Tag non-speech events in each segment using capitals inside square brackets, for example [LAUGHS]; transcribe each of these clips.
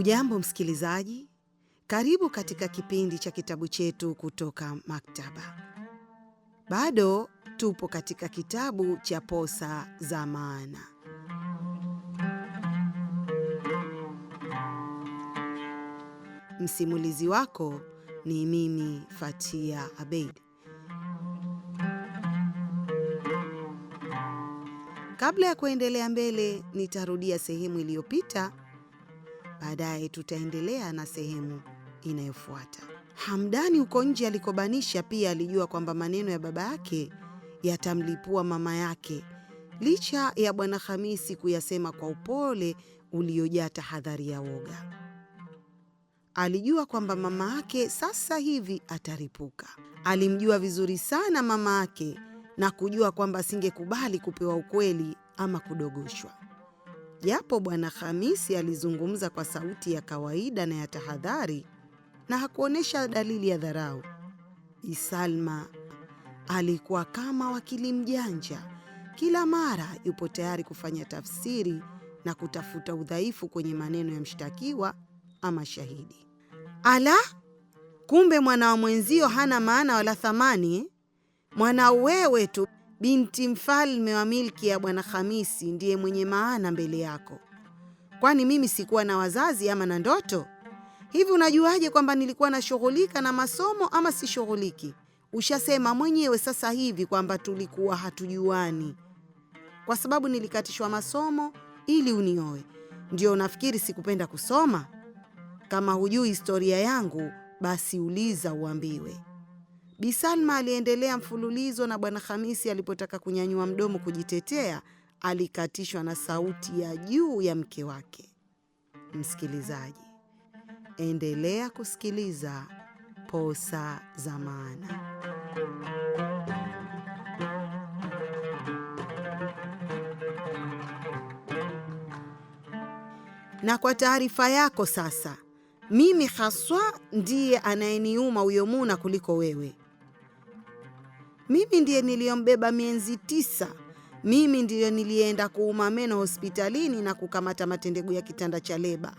Hujambo msikilizaji, karibu katika kipindi cha kitabu chetu kutoka maktaba. Bado tupo katika kitabu cha Posa za Maana. Msimulizi wako ni mimi Fatia Abeid. Kabla ya kuendelea mbele, nitarudia sehemu iliyopita Baadaye tutaendelea na sehemu inayofuata. Hamdani huko nje alikobanisha pia alijua kwamba maneno ya baba yake yatamlipua mama yake, licha ya Bwana Hamisi kuyasema kwa upole uliojaa tahadhari ya woga. Alijua kwamba mama yake sasa hivi ataripuka. Alimjua vizuri sana mama yake na kujua kwamba asingekubali kupewa ukweli ama kudogoshwa. Japo Bwana Khamisi alizungumza kwa sauti ya kawaida na ya tahadhari na hakuonyesha dalili ya dharau, isalma alikuwa kama wakili mjanja, kila mara yupo tayari kufanya tafsiri na kutafuta udhaifu kwenye maneno ya mshtakiwa ama shahidi. Ala, kumbe mwana wa mwenzio hana maana wala thamani, mwana wewe tu binti mfalme wa milki ya Bwana Hamisi ndiye mwenye maana mbele yako, kwani mimi sikuwa na wazazi ama na ndoto? Hivi unajuaje kwamba nilikuwa nashughulika na masomo ama sishughuliki? Ushasema mwenyewe sasa hivi kwamba tulikuwa hatujuani, kwa sababu nilikatishwa masomo ili unioe. Ndio unafikiri sikupenda kusoma? Kama hujui historia yangu, basi uliza uambiwe. Bisalma aliendelea mfululizo na Bwana Hamisi alipotaka kunyanyua mdomo kujitetea, alikatishwa na sauti ya juu ya mke wake. Msikilizaji, endelea kusikiliza Posa za Maana. Na kwa taarifa yako sasa, mimi haswa ndiye anayeniuma Muna kuliko wewe. Mimi ndiye niliyombeba mienzi tisa. Mimi ndiyo nilienda kuuma meno hospitalini na kukamata matendegu ya kitanda cha leba.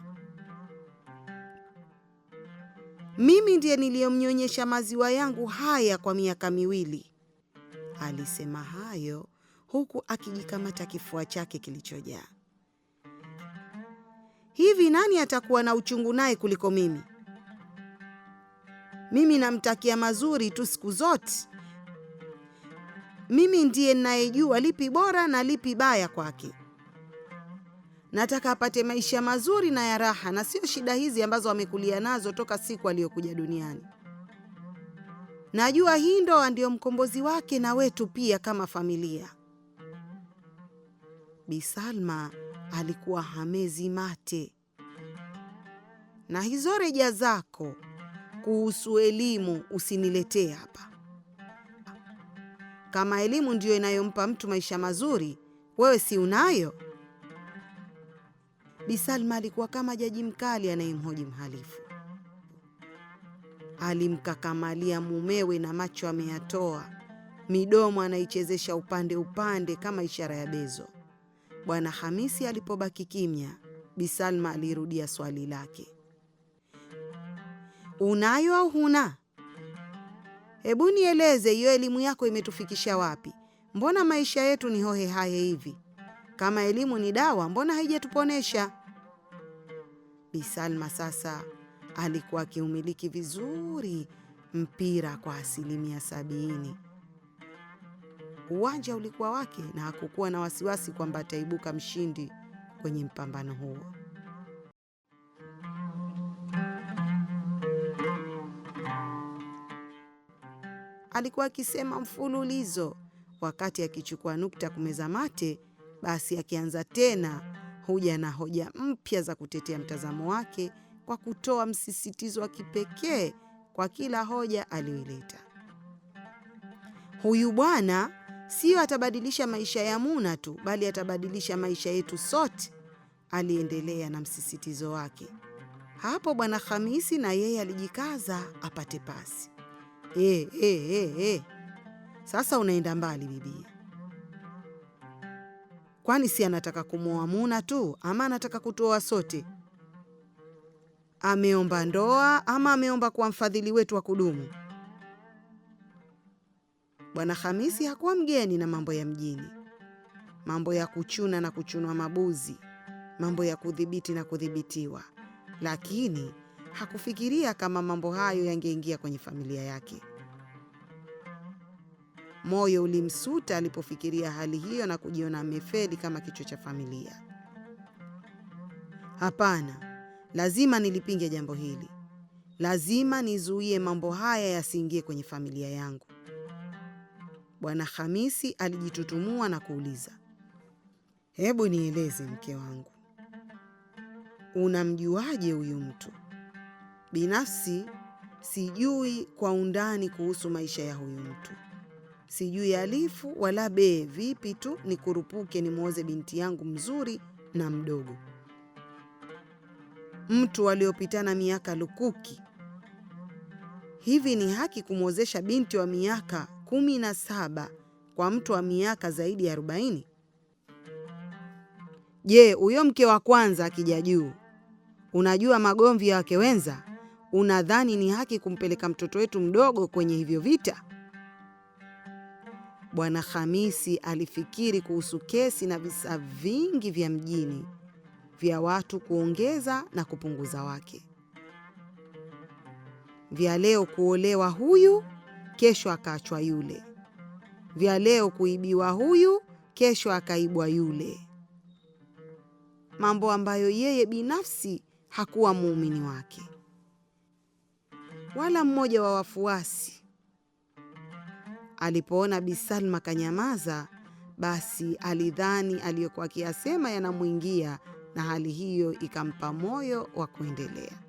Mimi ndiye niliyomnyonyesha maziwa yangu haya kwa miaka miwili. Alisema hayo huku akijikamata kifua chake kilichojaa. Hivi nani atakuwa na uchungu naye kuliko mimi? Mimi namtakia mazuri tu siku zote mimi ndiye ninayejua lipi bora na lipi baya kwake. Nataka apate maisha mazuri na ya raha, na sio shida hizi ambazo amekulia nazo toka siku aliyokuja duniani. Najua hii ndoa ndiyo mkombozi wake na wetu pia kama familia. Bi Salma alikuwa hamezi mate. Na hizo reja zako kuhusu elimu usiniletee hapa. Kama elimu ndiyo inayompa mtu maisha mazuri, wewe si unayo? Bi Salma alikuwa kama jaji mkali anayemhoji mhalifu. Alimkakamalia mumewe na macho ameyatoa, midomo anaichezesha upande upande kama ishara ya bezo. Bwana Hamisi alipobaki kimya, Bi Salma alirudia swali lake, unayo au huna? Hebu nieleze hiyo elimu yako imetufikisha wapi? Mbona maisha yetu ni hohe hahe hivi? Kama elimu ni dawa, mbona haijatuponesha? Bi Salma sasa alikuwa akiumiliki vizuri mpira kwa asilimia sabini. Uwanja ulikuwa wake na hakukuwa na wasiwasi kwamba ataibuka mshindi kwenye mpambano huo. alikuwa akisema mfululizo. Wakati akichukua nukta kumeza mate, basi akianza tena huja na hoja mpya za kutetea mtazamo wake kwa kutoa msisitizo wa kipekee kwa kila hoja aliyoileta. Huyu bwana siyo atabadilisha maisha ya Muna tu, bali atabadilisha maisha yetu sote, aliendelea na msisitizo wake. Hapo Bwana Khamisi na yeye alijikaza apate pasi. E, e, e, e. Sasa unaenda mbali bibi, kwani si anataka kumwoa Muna tu ama anataka kutuoa sote? Ameomba ndoa ama ameomba kuwa mfadhili wetu wa kudumu? Bwana Hamisi hakuwa mgeni na mambo ya mjini, mambo ya kuchuna na kuchunwa mabuzi, mambo ya kudhibiti na kudhibitiwa, lakini hakufikiria kama mambo hayo yangeingia kwenye familia yake. Moyo ulimsuta alipofikiria hali hiyo na kujiona amefeli kama kichwa cha familia. Hapana, lazima nilipinge jambo hili. Lazima nizuie mambo haya yasiingie kwenye familia yangu. Bwana Hamisi alijitutumua na kuuliza, hebu nieleze, mke wangu, unamjuaje huyu mtu? Binafsi sijui kwa undani kuhusu maisha ya huyu mtu, sijui alifu wala bee. Vipi tu nikurupuke nimwoze binti yangu mzuri na mdogo, mtu waliopitana miaka lukuki. Hivi ni haki kumwozesha binti wa miaka kumi na saba kwa mtu wa miaka zaidi ya arobaini? Je, huyo mke wa kwanza akija juu, unajua magomvi ya wake wenza unadhani ni haki kumpeleka mtoto wetu mdogo kwenye hivyo vita? Bwana Hamisi alifikiri kuhusu kesi na visa vingi vya mjini vya watu kuongeza na kupunguza wake, vya leo kuolewa huyu, kesho akaachwa yule, vya leo kuibiwa huyu, kesho akaibwa yule, mambo ambayo yeye binafsi hakuwa muumini wake wala mmoja wa wafuasi. Alipoona Bi Salma kanyamaza, basi alidhani aliyokuwa akiyasema yanamwingia, na hali hiyo ikampa moyo wa kuendelea.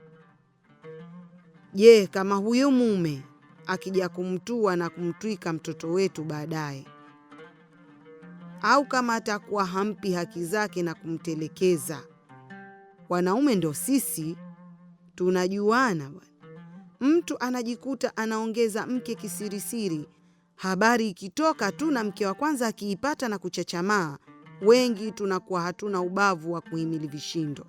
Je, kama huyo mume akija kumtua na kumtwika mtoto wetu baadaye, au kama atakuwa hampi haki zake na kumtelekeza? Wanaume ndo sisi tunajuana bwana mtu anajikuta anaongeza mke kisirisiri, habari ikitoka tu na mke wa kwanza akiipata na kuchachamaa, wengi tunakuwa hatuna ubavu wa kuhimili vishindo.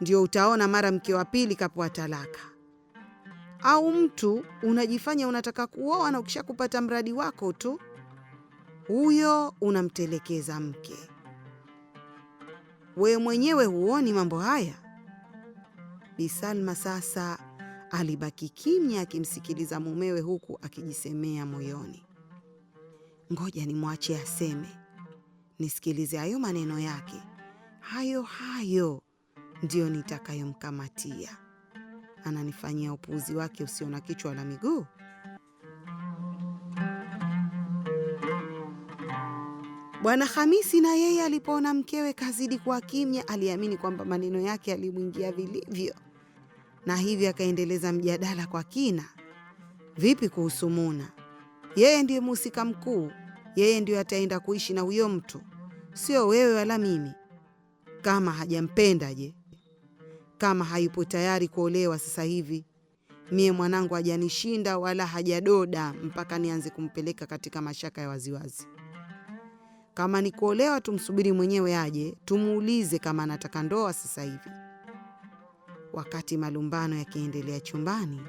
Ndio utaona mara mke wa pili kapoa talaka, au mtu unajifanya unataka kuoa na ukisha kupata mradi wako tu huyo unamtelekeza mke. Wewe mwenyewe huoni mambo haya? Bi Salma sasa alibaki kimya akimsikiliza mumewe huku akijisemea moyoni, ngoja nimwache aseme, nisikilize hayo maneno yake, hayo hayo ndiyo nitakayomkamatia. Ananifanyia upuuzi wake usio na kichwa la miguu. Bwana Hamisi na yeye alipoona mkewe kazidi kuwa kimya, aliamini kwamba maneno yake yalimwingia vilivyo, na hivyo akaendeleza mjadala kwa kina. Vipi kuhusu Muna? Yeye ndiye mhusika mkuu, yeye ndiyo ataenda kuishi na huyo mtu, sio wewe wala mimi. Kama hajampenda je? Kama hayupo tayari kuolewa sasa hivi? Mie mwanangu hajanishinda wala hajadoda mpaka nianze kumpeleka katika mashaka ya waziwazi wazi. Kama ni kuolewa, tumsubiri mwenyewe aje, tumuulize kama anataka ndoa sasa hivi. Wakati malumbano yakiendelea chumbani,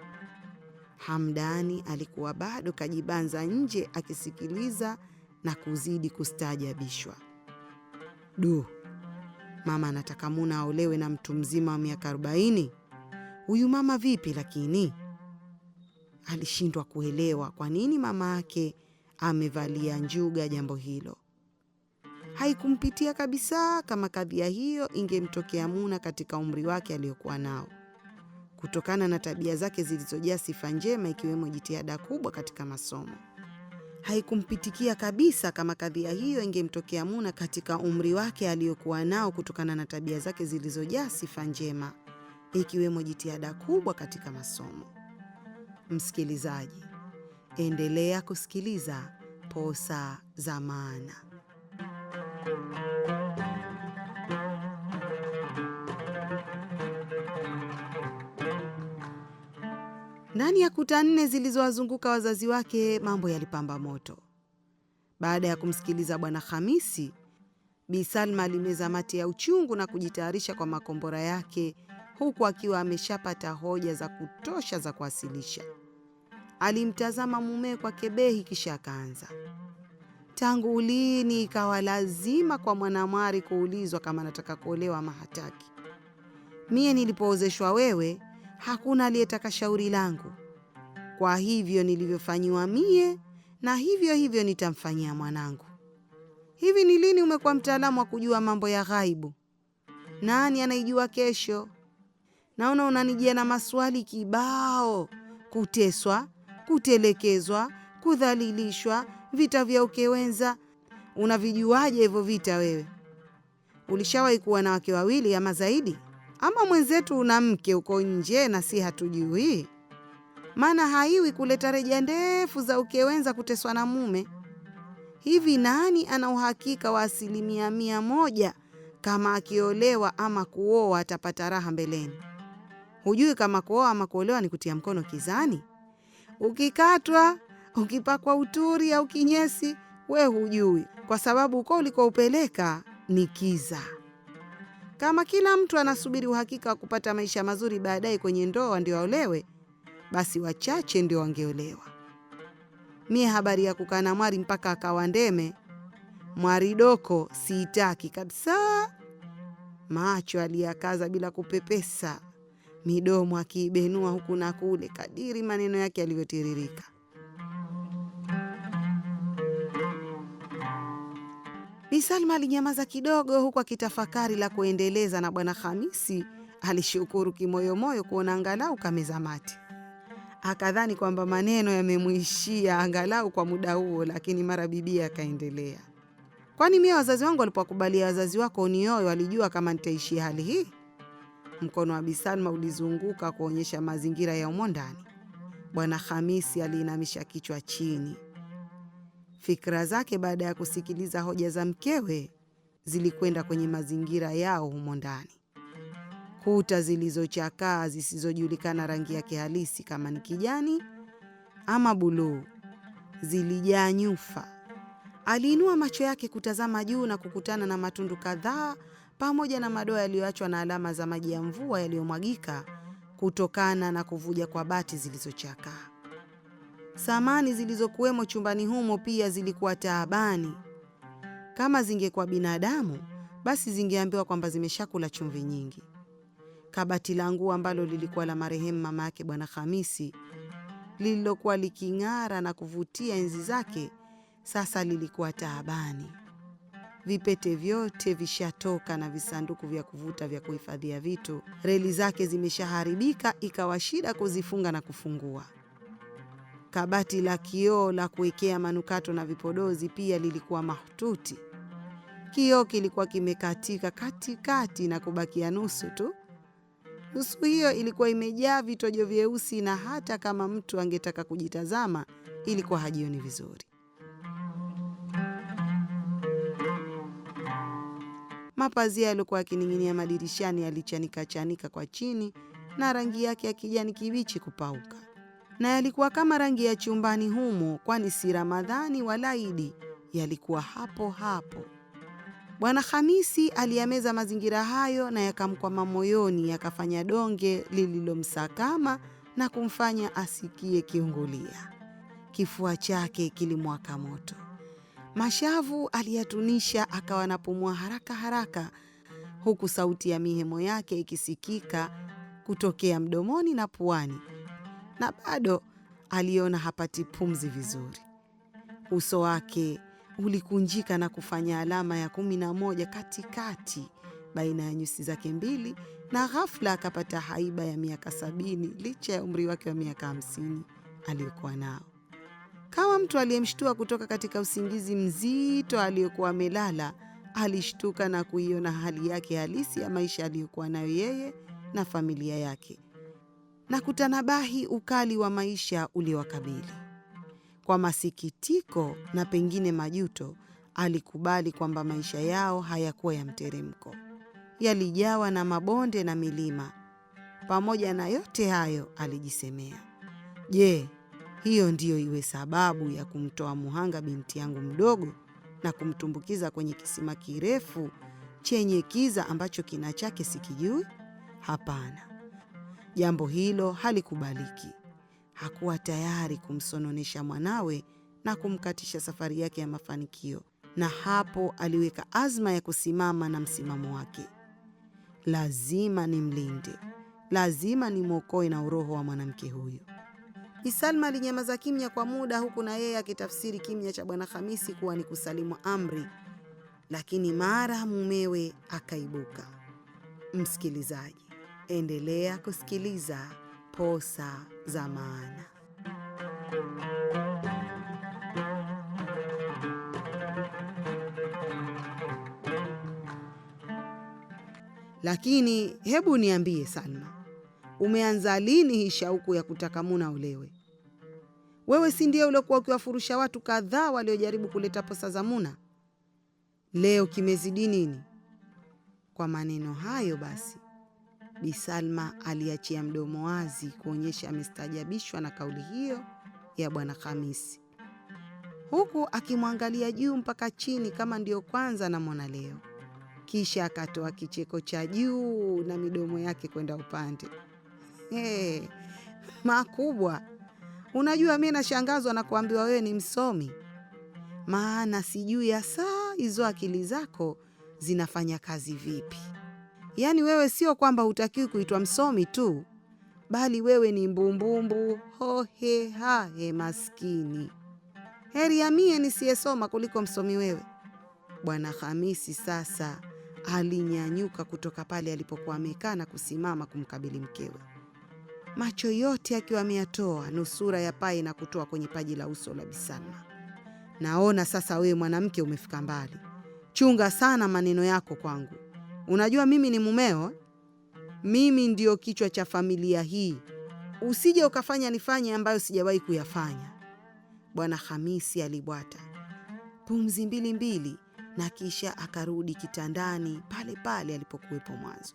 Hamdani alikuwa bado kajibanza nje akisikiliza na kuzidi kustaajabishwa. Du, mama anataka Muna aolewe na mtu mzima wa miaka arobaini? Huyu mama vipi? Lakini alishindwa kuelewa kwa nini mama yake amevalia njuga jambo hilo. Haikumpitia kabisa kama kadhia hiyo ingemtokea Muna katika umri wake aliyokuwa nao, kutokana na tabia zake zilizojaa sifa njema, ikiwemo jitihada kubwa katika masomo. Haikumpitikia kabisa kama kadhia hiyo ingemtokea Muna katika umri wake aliyokuwa nao, kutokana na tabia zake zilizojaa sifa njema, ikiwemo jitihada kubwa katika masomo. Msikilizaji, endelea kusikiliza Posa za Maana. Ndani ya kuta nne zilizowazunguka wazazi wake, mambo yalipamba moto. Baada ya kumsikiliza Bwana Hamisi, Bi Salma alimeza mate ya uchungu na kujitayarisha kwa makombora yake, huku akiwa ameshapata hoja za kutosha za kuwasilisha. Alimtazama mumee kwa kebehi, kisha akaanza. Tangu lini ikawa lazima kwa mwanamwari kuulizwa kama anataka kuolewa ama hataki? Mie nilipoozeshwa wewe hakuna aliyetaka shauri langu. Kwa hivyo nilivyofanyiwa mie, na hivyo hivyo nitamfanyia mwanangu. Hivi ni lini umekuwa mtaalamu wa kujua mambo ya ghaibu? Nani anaijua kesho? Naona unanijia na maswali kibao: kuteswa, kutelekezwa, kudhalilishwa, vita vya ukewenza. Unavijuaje hivyo vita wewe? Ulishawahi kuwa na wake wawili ama zaidi? ama mwenzetu una mke uko nje na si hatujui? Maana haiwi kuleta reja ndefu za ukewenza kuteswa na mume. Hivi nani ana uhakika wa asilimia mia moja kama akiolewa ama kuoa atapata raha mbeleni? Hujui kama kuoa ama kuolewa ni kutia mkono kizani? Ukikatwa, ukipakwa uturi au kinyesi, we hujui, kwa sababu uko ulikoupeleka ni kiza. Kama kila mtu anasubiri uhakika wa kupata maisha mazuri baadaye kwenye ndoa ndio aolewe, basi wachache ndio wangeolewa. Mie habari ya kukaa na mwari mpaka akawa ndeme, mwari doko, siitaki kabisa. Macho aliyakaza bila kupepesa, midomo akiibenua huku na kule kadiri maneno yake yalivyotiririka. Bi Salma alinyamaza kidogo, huku akitafakari la kuendeleza, na Bwana Hamisi alishukuru kimoyomoyo kuona angalau kameza mate. Akadhani kwamba maneno yamemwishia angalau kwa muda huo, lakini mara bibia akaendelea, kwani mie wazazi wangu walipokubalia wazazi wako nioyo, walijua kama nitaishia hali hii? Mkono wa Bi Salma ulizunguka kuonyesha mazingira ya umo ndani. Bwana Hamisi aliinamisha kichwa chini. Fikra zake baada ya kusikiliza hoja za mkewe zilikwenda kwenye mazingira yao humo ndani, kuta zilizochakaa zisizojulikana rangi yake halisi, kama ni kijani ama buluu, zilijaa nyufa. Aliinua macho yake kutazama juu na kukutana na matundu kadhaa pamoja na madoa yaliyoachwa na alama za maji ya mvua yaliyomwagika kutokana na kuvuja kwa bati zilizochakaa. Samani zilizokuwemo chumbani humo pia zilikuwa taabani. Kama zingekuwa binadamu, basi zingeambiwa kwamba zimeshakula chumvi nyingi. Kabati la nguo ambalo lilikuwa la marehemu mama yake Bwana Hamisi, lililokuwa liking'ara na kuvutia enzi zake, sasa lilikuwa taabani. Vipete vyote vishatoka na visanduku vya kuvuta vya kuhifadhia vitu. Reli zake zimeshaharibika, ikawa shida kuzifunga na kufungua. Kabati la kioo la kuwekea manukato na vipodozi pia lilikuwa mahututi. Kioo kilikuwa kimekatika katikati na kubakia nusu tu. Nusu hiyo ilikuwa imejaa vitojo vyeusi, na hata kama mtu angetaka kujitazama ilikuwa hajioni vizuri. Mapazia yaliokuwa yakining'inia madirishani yalichanika chanika kwa chini na rangi yake ya kijani kibichi kupauka na yalikuwa kama rangi ya chumbani humo, kwani si Ramadhani wala Idi, yalikuwa hapo hapo. Bwana Hamisi aliyameza mazingira hayo na yakamkwama moyoni, yakafanya donge lililomsakama na kumfanya asikie kiungulia. Kifua chake kilimwaka moto, mashavu aliyatunisha, akawa napumua haraka haraka, huku sauti ya mihemo yake ikisikika kutokea mdomoni na puani na bado aliona hapati pumzi vizuri. Uso wake ulikunjika na kufanya alama ya kumi na moja katikati baina ya nyusi zake mbili, na ghafla akapata haiba ya miaka sabini licha ya umri wake wa miaka hamsini aliyokuwa nao. Kama mtu aliyemshtua kutoka katika usingizi mzito aliyokuwa amelala, alishtuka na kuiona hali yake halisi ya maisha aliyokuwa nayo yeye na familia yake na kutanabahi ukali wa maisha uliowakabili. Kwa masikitiko na pengine majuto, alikubali kwamba maisha yao hayakuwa ya mteremko, yalijawa na mabonde na milima. Pamoja na yote hayo, alijisemea, je, hiyo ndiyo iwe sababu ya kumtoa muhanga binti yangu mdogo na kumtumbukiza kwenye kisima kirefu chenye kiza ambacho kina chake sikijui? Hapana. Jambo hilo halikubaliki. Hakuwa tayari kumsononesha mwanawe na kumkatisha safari yake ya mafanikio, na hapo aliweka azma ya kusimama na msimamo wake: lazima nimlinde, lazima nimwokoe na uroho wa mwanamke huyu. Bi Salma alinyamaza kimya kwa muda, huku na yeye akitafsiri kimya cha Bwana Hamisi kuwa ni kusalimu amri, lakini mara mumewe akaibuka. Msikilizaji, Endelea kusikiliza Posa za Maana. Lakini hebu niambie Salma, umeanza lini hii shauku ya kutaka Muna olewe? Wewe si ndiye uliokuwa ukiwafurusha watu kadhaa waliojaribu kuleta posa za Muna? Leo kimezidi nini? Kwa maneno hayo basi Bi Salma aliachia mdomo wazi kuonyesha amestajabishwa na kauli hiyo ya Bwana Khamisi, huku akimwangalia juu mpaka chini kama ndiyo kwanza namwona leo. Kisha akatoa kicheko cha juu na midomo yake kwenda upande. Hey, eh, makubwa! Unajua, mi nashangazwa na kuambiwa wewe ni msomi, maana sijui hasa hizo akili zako zinafanya kazi vipi. Yaani wewe sio kwamba hutakiwi kuitwa msomi tu, bali wewe ni mbumbumbu hohehahe, maskini. Heri ya mie nisiyesoma kuliko msomi wewe. Bwana Hamisi sasa alinyanyuka kutoka pale alipokuwa amekaa na kusimama kumkabili mkewe, macho yote akiwa ameyatoa nusura ya pai na kutoa kwenye paji la uso la Bisalma. Naona sasa wewe mwanamke umefika mbali, chunga sana maneno yako kwangu. Unajua mimi ni mumeo, mimi ndio kichwa cha familia hii, usije ukafanya nifanye ambayo sijawahi kuyafanya. Bwana Hamisi alibwata pumzi mbili mbili na kisha akarudi kitandani pale pale alipokuwepo mwanzo.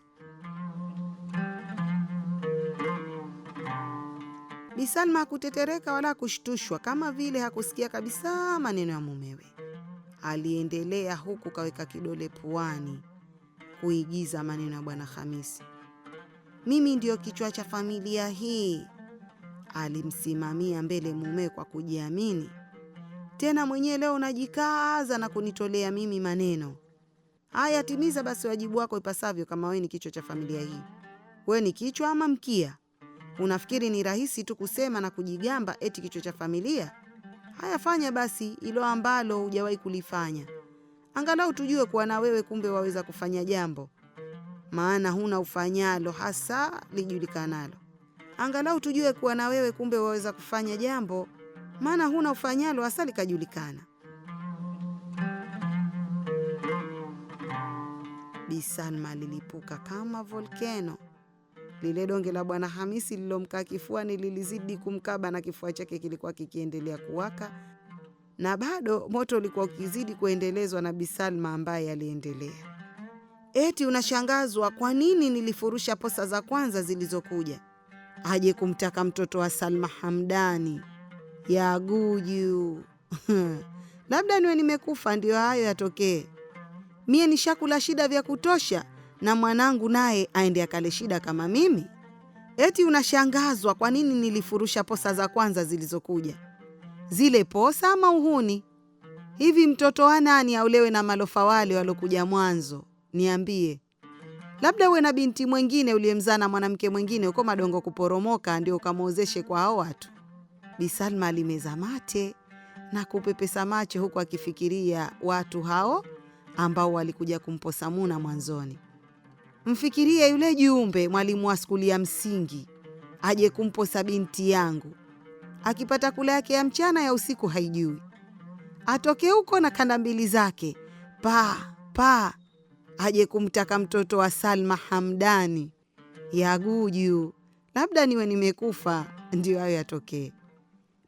Bi Salma hakutetereka wala kushtushwa, kama vile hakusikia kabisa maneno ya mumewe. Aliendelea huku kaweka kidole puani kuigiza maneno ya Bwana Hamisi. Mimi ndiyo kichwa cha familia hii. Alimsimamia mbele mume kwa kujiamini. Tena mwenyewe leo unajikaza na kunitolea mimi maneno haya. Timiza basi wajibu wako ipasavyo, kama wewe ni kichwa cha familia hii. Wewe ni kichwa ama mkia? Unafikiri ni rahisi tu kusema na kujigamba eti kichwa cha familia? Haya, fanya basi ilo ambalo hujawahi kulifanya angalau tujue kuwa na wewe kumbe waweza kufanya jambo, maana huna ufanyalo hasa lijulikanalo. Angalau tujue kuwa na wewe kumbe waweza kufanya jambo, maana huna ufanyalo hasa likajulikana. Bi Salma lilipuka kama volkeno. Lile donge la Bwana Hamisi lilomkaa kifuani lilizidi kumkaba na kifua chake kilikuwa kikiendelea kuwaka na bado moto ulikuwa ukizidi kuendelezwa na bisalma ambaye aliendelea eti, unashangazwa kwa nini nilifurusha posa za kwanza zilizokuja aje kumtaka mtoto wa Salma Hamdani ya guju [LAUGHS] labda niwe nimekufa ndiyo hayo yatokee. Mie nishakula shida vya kutosha, na mwanangu naye aende akale shida kama mimi. Eti unashangazwa kwa nini nilifurusha posa za kwanza zilizokuja zile posa ama uhuni? Hivi mtoto wa nani aolewe na malofa wale walokuja mwanzo? Niambie, labda uwe na binti mwengine uliyemzaa na mwanamke mwengine huko madongo kuporomoka, ndio ukamwozeshe kwa hao watu. Bi Salma alimeza mate na kupepesa macho huku akifikiria watu hao ambao walikuja kumposa Muna mwanzoni. Mfikirie yule Jumbe, mwalimu wa skuli ya msingi, aje kumposa binti yangu akipata kula yake ya mchana ya usiku haijui. Atoke huko na kanda mbili zake pa pa, aje kumtaka mtoto wa Salma Hamdani yaguju, labda niwe nimekufa ndiyo hayo yatokee.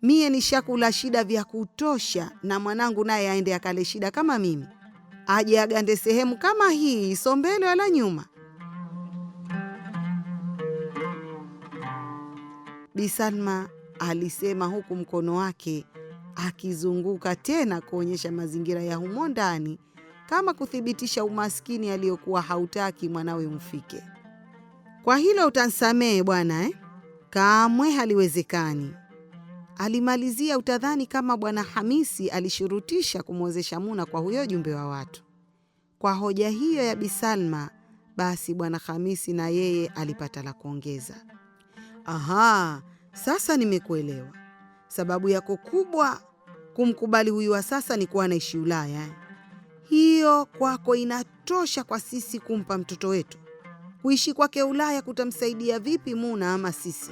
Mie nishakula shida vya kutosha, na mwanangu naye aende akale shida kama mimi, aje agande sehemu kama hii, so mbele wala nyuma. Bi Salma alisema huku mkono wake akizunguka tena kuonyesha mazingira ya humo ndani kama kuthibitisha umaskini aliyokuwa hautaki mwanawe mfike Kwa hilo utansamehe bwana eh? Kamwe haliwezekani, alimalizia. Utadhani kama Bwana Hamisi alishurutisha kumwozesha Muna kwa huyo jumbe wa watu. Kwa hoja hiyo ya Bisalma, basi Bwana Hamisi na yeye alipata la kuongeza. Aha, sasa nimekuelewa. Sababu yako kubwa kumkubali huyu wa sasa ni kuwa anaishi Ulaya. Hiyo kwako inatosha kwa sisi kumpa mtoto wetu. Kuishi kwake Ulaya kutamsaidia vipi Muna ama sisi?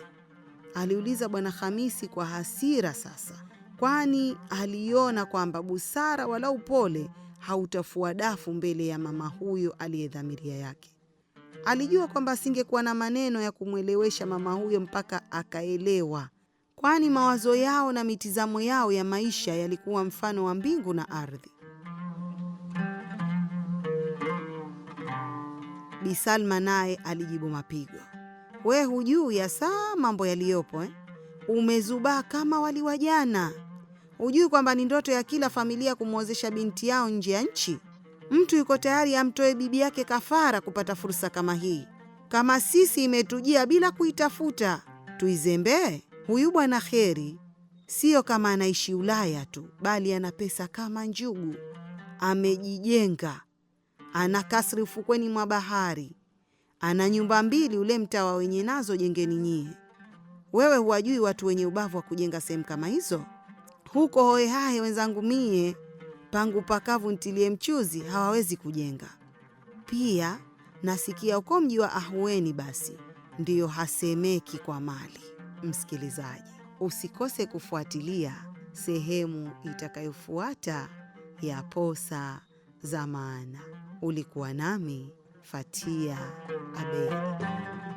aliuliza Bwana Hamisi kwa hasira sasa, kwani aliona kwamba busara wala upole hautafua dafu mbele ya mama huyo aliyedhamiria yake. Alijua kwamba asingekuwa na maneno ya kumwelewesha mama huyo mpaka akaelewa, kwani mawazo yao na mitizamo yao ya maisha yalikuwa mfano wa mbingu na ardhi. Bi Salma naye alijibu mapigo, we hujuu ya saa mambo yaliyopo eh? Umezubaa kama wali wa jana. Hujui kwamba ni ndoto ya kila familia kumwozesha binti yao nje ya nchi? mtu yuko tayari amtoe bibi yake kafara kupata fursa kama hii. Kama sisi imetujia bila kuitafuta, tuizembee? Huyu bwana Kheri siyo kama anaishi Ulaya tu, bali ana pesa kama njugu, amejijenga, ana kasri ufukweni mwa bahari, ana nyumba mbili ule mtawa wenye nazo jengeni nyie. Wewe huwajui watu wenye ubavu wa kujenga sehemu kama hizo? Huko hohehahe wenzangu mie Pangu pakavu ntilie mchuzi, hawawezi kujenga. Pia nasikia uko mji wa Ahueni, basi ndiyo hasemeki kwa mali. Msikilizaji, usikose kufuatilia sehemu itakayofuata ya Posa za Maana. Ulikuwa nami Fatia Abedi.